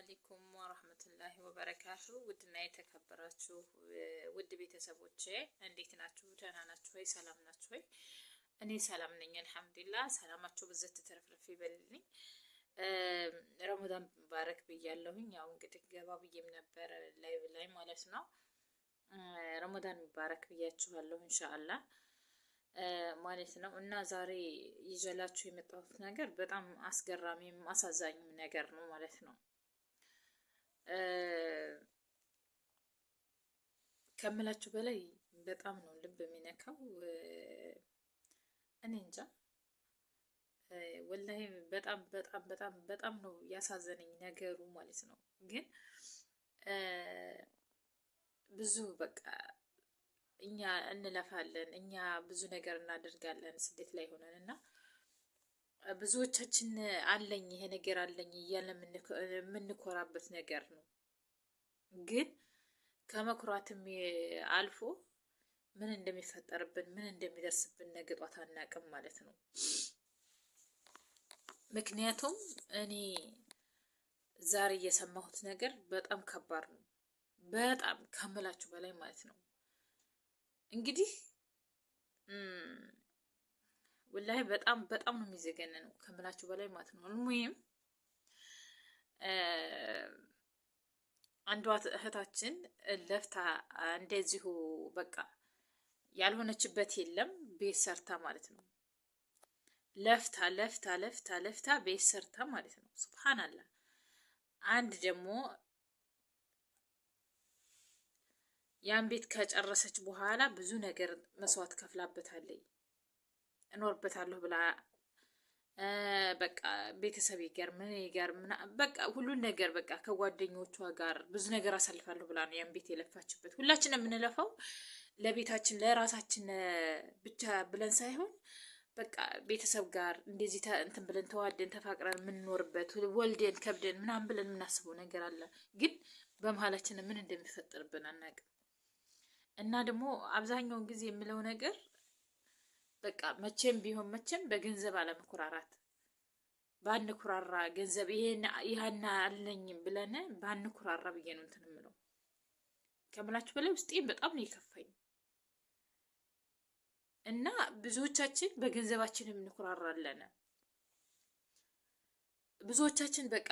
አለይኩም ወራህመቱላሂ ወበረካቱ። ውድና የተከበራችሁ ውድ ቤተሰቦቼ እንዴት ናችሁ? ደህና ናችሁ ወይ? ሰላም ናችሁ ወይ? እኔ ሰላም ነኝ አልሐምዱሊላህ። ሰላማችሁ ብዝት ትርፍርፍ ይበልልኝ። ረመዳን ባረክ ብያለሁኝ። ያው እንግዲህ ገባ ብዬም ነበር ላይ ላይ ማለት ነው። ረመዳን ባረክ ብያችኋለሁ ኢንሻአላህ ማለት ነው እና ዛሬ ይዘላችሁ የመጣሁት ነገር በጣም አስገራሚም አሳዛኝም ነገር ነው ማለት ነው። ከምላችሁ በላይ በጣም ነው ልብ የሚነካው። እኔ እንጃ ወላሂ በጣም በጣም በጣም በጣም ነው ያሳዘነኝ ነገሩ ማለት ነው። ግን ብዙ በቃ እኛ እንለፋለን፣ እኛ ብዙ ነገር እናደርጋለን ስደት ላይ ሆነን እና ብዙዎቻችን አለኝ ይሄ ነገር አለኝ እያለ የምንኮራበት ነገር ነው። ግን ከመኩራትም አልፎ ምን እንደሚፈጠርብን ምን እንደሚደርስብን ነገ ጧት አናቅም ማለት ነው። ምክንያቱም እኔ ዛሬ እየሰማሁት ነገር በጣም ከባድ ነው። በጣም ከምላችሁ በላይ ማለት ነው እንግዲህ ወላሂ በጣም በጣም ነው ነው ከምላችሁ በላይ ማለት ነው። አልሙሂም አንዷ እህታችን ለፍታ እንደዚሁ በቃ ያልሆነችበት የለም ቤት ሰርታ ማለት ነው። ለፍታ ለፍታ ለፍታ ለፍታ ቤት ሰርታ ማለት ነው። ሱብሃናላህ። አንድ ደግሞ ያን ቤት ከጨረሰች በኋላ ብዙ ነገር መስዋዕት ከፍላበታለች። እኖርበታለሁ ብላ በቃ ቤተሰብ ምን ይገር በቃ ሁሉን ነገር በቃ ከጓደኞቿ ጋር ብዙ ነገር አሳልፋለሁ ብላ ነው ያን ቤት የለፋችበት። ሁላችን የምንለፋው ለቤታችን ለራሳችን ብቻ ብለን ሳይሆን በቃ ቤተሰብ ጋር እንደዚህ እንትን ብለን ተዋደን ተፋቅረን የምንኖርበት ወልደን ከብደን ምናምን ብለን የምናስበው ነገር አለ። ግን በመሀላችን ምን እንደሚፈጠርብን አናውቅም። እና ደግሞ አብዛኛውን ጊዜ የምለው ነገር በቃ መቼም ቢሆን መቼም በገንዘብ አለመኩራራት ባንኩራራ ገንዘብ ይህን አለኝም ብለን ባንኩራራ ብዬ ነው እንትን የምለው ከምላችሁ በላይ ውስጤን በጣም ነው የከፋኝ። እና ብዙዎቻችን በገንዘባችን የምንኩራራለን። ብዙዎቻችን በቃ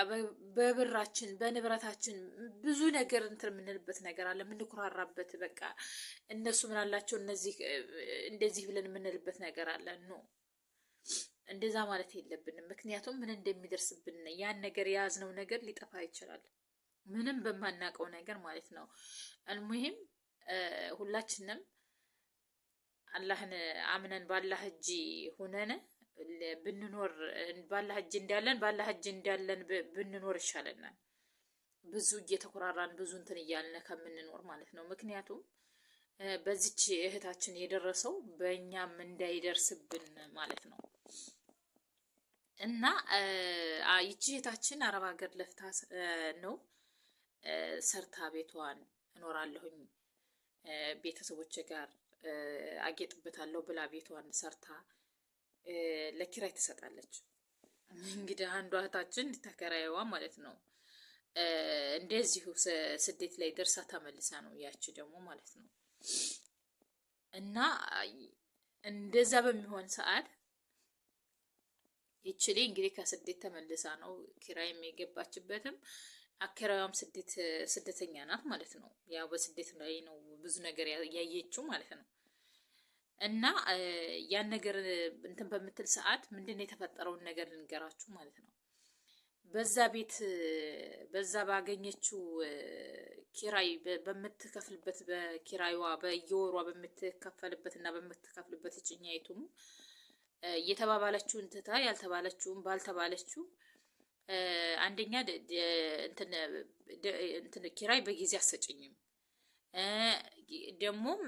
በብራችን በንብረታችን ብዙ ነገር እንትን የምንልበት ነገር አለ፣ የምንኩራራበት በቃ እነሱ ምን አላቸው እነዚህ እንደዚህ ብለን የምንልበት ነገር አለ። ኖ እንደዛ ማለት የለብንም። ምክንያቱም ምን እንደሚደርስብን ያን ነገር የያዝነው ነገር ሊጠፋ ይችላል፣ ምንም በማናውቀው ነገር ማለት ነው። አልሙሂም ሁላችንም አላህን አምነን ባላህ እጅ ሁነን ብንኖር ባላህ እጅ እንዳለን ባላህ እጅ እንዳለን ብንኖር ይሻለናል። ብዙ እየተኮራራን ብዙ እንትን እያልን ከምንኖር ማለት ነው። ምክንያቱም በዚች እህታችን የደረሰው በእኛም እንዳይደርስብን ማለት ነው። እና ይቺ እህታችን አረብ ሀገር ለፍታ ነው ሰርታ ቤቷን እኖራለሁኝ ቤተሰቦች ጋር አጌጥበታለሁ ብላ ቤቷን ሰርታ ለኪራይ ትሰጣለች። እንግዲህ አንዷ እህታችን ተከራይዋ ማለት ነው እንደዚሁ ስደት ላይ ደርሳ ተመልሳ ነው ያቺ ደግሞ ማለት ነው። እና እንደዛ በሚሆን ሰዓት ይችሌ እንግዲህ ከስደት ተመልሳ ነው ኪራ የገባችበትም አከራዋም ስደት ስደተኛ ናት ማለት ነው። ያው በስደት ላይ ነው ብዙ ነገር ያየችው ማለት ነው። እና ያን ነገር እንትን በምትል ሰዓት ምንድን ነው የተፈጠረውን ነገር ልንገራችሁ ማለት ነው። በዛ ቤት በዛ ባገኘችው ኪራይ በምትከፍልበት በኪራይዋ በየወሯ በምትከፈልበት እና በምትከፍልበት እጭኛይቱም የተባባለችውን ትታ ያልተባለችውን ባልተባለችው አንደኛ እንትን ኪራይ በጊዜ አሰጭኝም ደግሞም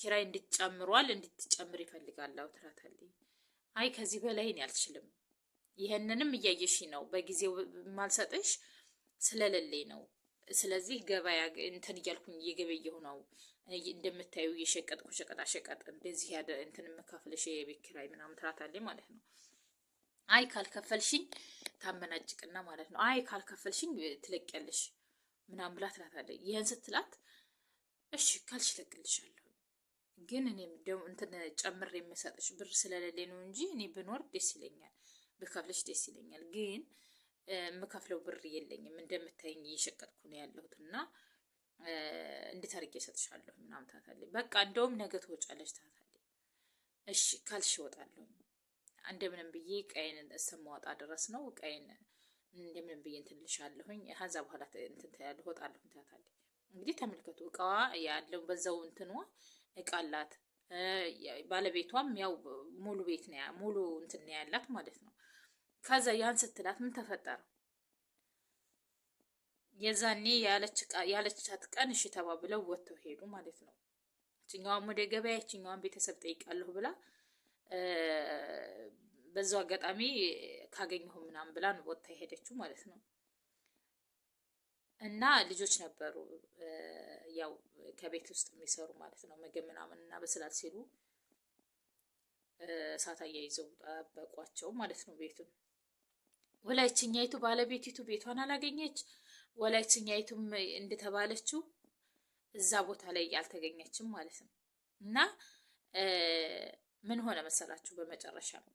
ኪራይ እንድትጨምሯል እንድትጨምር ይፈልጋለሁ ትላታለች። አይ ከዚህ በላይ እኔ አልችልም፣ ይህንንም እያየሽ ነው፣ በጊዜው ማልሰጥሽ ስለሌለኝ ነው። ስለዚህ ገበያ እንትን እያልኩኝ እየገበየሁ ነው። እንደምታዩ የሸቀጥኩ ሸቀጣሸቀጥ እንደዚህ ያደ እንትን የምከፍልሽ የቤት ኪራይ ምናምን ትላታለች ማለት ነው። አይ ካልከፈልሽኝ ታመናጭቅና ማለት ነው። አይ ካልከፈልሽኝ ትለቅያለሽ ምናምን ብላ ትላታለች። ይህን ስትላት እሺ ካልሽ እለቅልሻለሁ ግን እኔ ደው እንትን ጨምር የምሰጥሽ ብር ስለሌለ ነው እንጂ እኔ ብኖር ደስ ይለኛል፣ ብከፍልሽ ደስ ይለኛል። ግን የምከፍለው ብር የለኝም እንደምታይኝ እየሸቀጥኩ ነው ያለሁት እና እንዴት አድርጌ እሰጥሻለሁ ምናምን ታታለች። በቃ እንደውም ነገ ትወጫለች ታታለች። እሺ ካልሽ እወጣለሁ። እንደምንም ብዬ ቀይን እስከማወጣ ድረስ ነው ቀይን እንደምንም ብዬ እንትን ልሻለሁኝ። ከዛ በኋላ እንትን ትያለሽ እወጣለሁ ታታለች። እንግዲህ ተመልከቱ እቃዋ ያለው በዛው እንትንዋ እቃ አላት። ባለቤቷም ያው ሙሉ ቤት ነ ሙሉ እንትን ያላት ማለት ነው። ከዛ ያን ስትላት ምን ተፈጠረ? የዛኔ ያለቻት ቀን እሺ ተባብለው ወጥተው ሄዱ ማለት ነው። ችኛዋም ወደ ገበያ ችኛዋን ቤተሰብ ጠይቃለሁ ብላ በዛው አጋጣሚ ካገኘሁ ምናምን ብላ ወጥታ ሄደችው ማለት ነው። እና ልጆች ነበሩ ያው ከቤት ውስጥ የሚሰሩ ማለት ነው። ምግብ ምናምን እና በስላት ሲሉ እሳት አያይዘው ጠበቋቸው ማለት ነው ቤቱን። ወላይችኛይቱ ባለቤቲቱ ቤቷን አላገኘች። ወላይችኛይቱም እንደተባለችው እዛ ቦታ ላይ አልተገኘችም ማለት ነው። እና ምን ሆነ መሰላችሁ? በመጨረሻ ነው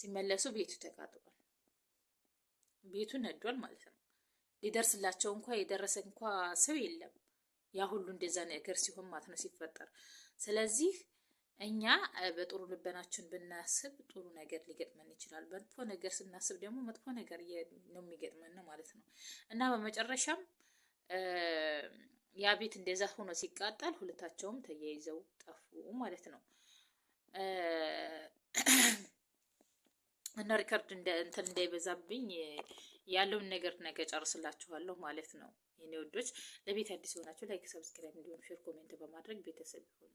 ሲመለሱ ቤቱ ተቃጥሏል። ቤቱ ነዷል ማለት ነው። ሊደርስላቸው እንኳ የደረሰ እንኳ ሰው የለም። ያ ሁሉ እንደዛ ነገር ሲሆን ማለት ነው ሲፈጠር። ስለዚህ እኛ በጥሩ ልበናችን ብናስብ ጥሩ ነገር ሊገጥመን ይችላል። መጥፎ ነገር ስናስብ ደግሞ መጥፎ ነገር ነው የሚገጥመን ማለት ነው እና በመጨረሻም ያ ቤት እንደዛ ሆኖ ሲቃጠል ሁለታቸውም ተያይዘው ጠፉ ማለት ነው። እና ሪከርድ እንትን እንዳይበዛብኝ ያለውን ነገር ነገ ጨርስላችኋለሁ ማለት ነው። የኔ ወዶች ለቤት አዲስ የሆናችሁ ላይክ፣ ሰብስክራይብ እንዲሁም ሼር፣ ኮሜንት በማድረግ ቤተሰብ ይሁኑ።